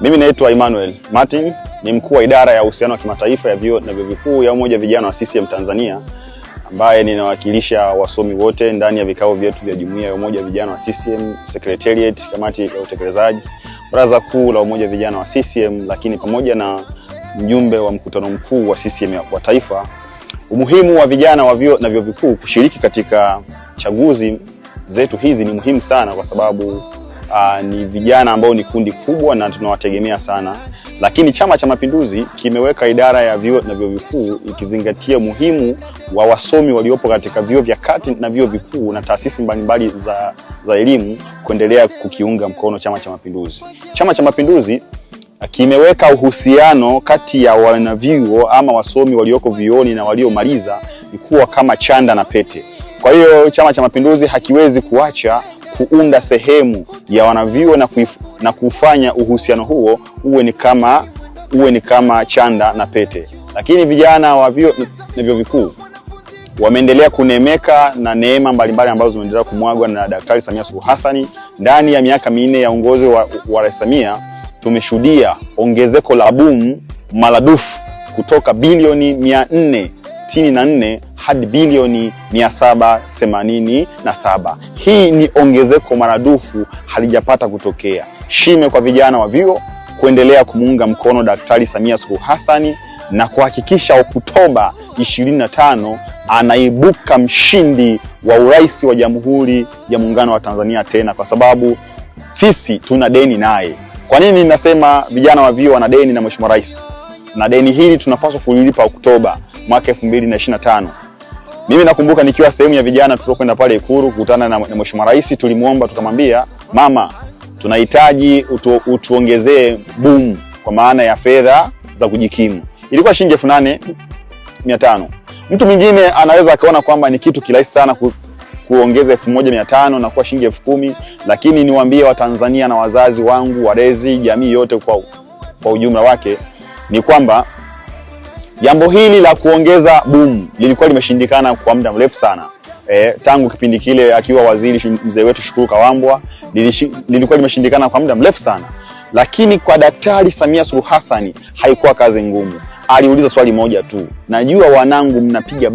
Mimi naitwa Emmanuel Martin, ni mkuu wa idara ya uhusiano wa kimataifa ya vyuo na vyuo vikuu ya umoja vijana wa CCM Tanzania, ambaye ninawakilisha wasomi wote ndani ya vikao vyetu vya jumuiya ya umoja vijana wa CCM, secretariat, kamati ya utekelezaji, baraza kuu la umoja vijana wa CCM, lakini pamoja na mjumbe wa mkutano mkuu wa CCM wa taifa. Umuhimu wa vijana wa vyuo na vyuo vikuu kushiriki katika chaguzi zetu hizi ni muhimu sana kwa sababu uh, ni vijana ambao ni kundi kubwa na tunawategemea sana, lakini Chama cha Mapinduzi kimeweka idara ya vyuo na vyuo vikuu ikizingatia muhimu wa wasomi waliopo katika vyuo vya kati na vyuo vikuu na taasisi mbalimbali za, za elimu kuendelea kukiunga mkono Chama cha Mapinduzi. Chama cha Mapinduzi kimeweka uhusiano kati ya wanavyuo ama wasomi walioko vioni na waliomaliza ni kuwa kama chanda na pete. Kwa hiyo Chama cha Mapinduzi hakiwezi kuacha kuunda sehemu ya wanavyuo na, na kufanya uhusiano huo uwe ni kama uwe ni kama chanda na pete. Lakini vijana wa vyuo na vyuo vikuu wameendelea kunemeka na neema mbalimbali ambazo zimeendelea kumwagwa na Daktari Samia Suluhu Hassan. Ndani ya miaka minne ya uongozi wa, wa Rais Samia tumeshuhudia ongezeko la boom maradufu kutoka bilioni mia nne 64 hadi bilioni 787. Hii ni ongezeko maradufu halijapata kutokea. Shime kwa vijana wa vyuo kuendelea kumuunga mkono Daktari Samia Suluhu Hassan na kuhakikisha Oktoba 25 anaibuka mshindi wa urais wa Jamhuri ya Muungano wa Tanzania tena, kwa sababu sisi tuna deni naye. Kwa nini nasema vijana wa vyuo wana deni na Mheshimiwa Rais? na deni hili tunapaswa kulilipa Oktoba mwaka 2025. Mimi nakumbuka nikiwa sehemu ya vijana tulokwenda pale Ikuru kukutana na Mheshimiwa Rais, tulimwomba tukamwambia, mama, tunahitaji utu, utuongezee boom kwa maana ya fedha za kujikimu. Ilikuwa shilingi elfu nane mia tano. Mtu mwingine anaweza akaona kwamba ni kitu kirahisi sana ku, kuongeza elfu moja mia tano na kuwa shilingi elfu kumi lakini niwaambie Watanzania na wazazi wangu walezi, jamii yote kwa, kwa ujumla wake ni kwamba jambo hili la kuongeza boom lilikuwa limeshindikana kwa muda mrefu sana. E, tangu kipindi kile akiwa waziri mzee wetu Shukuru Kawambwa lilikuwa limeshindikana kwa muda mrefu sana, lakini kwa Daktari Samia Suluhu Hassan haikuwa kazi ngumu. Aliuliza swali moja tu, najua wanangu mnapiga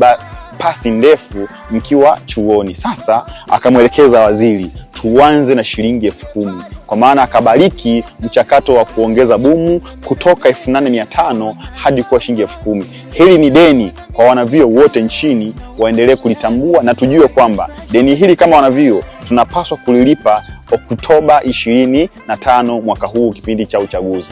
pasi ndefu mkiwa chuoni. Sasa akamwelekeza waziri, tuanze na shilingi elfu kumi kwa maana akabariki mchakato wa kuongeza bumu kutoka elfu nane mia tano hadi kuwa shilingi elfu kumi. Hili ni deni kwa wanavio wote nchini, waendelee kulitambua na tujue kwamba deni hili kama wanavio tunapaswa kulilipa Oktoba ishirini na tano mwaka huu, kipindi cha uchaguzi.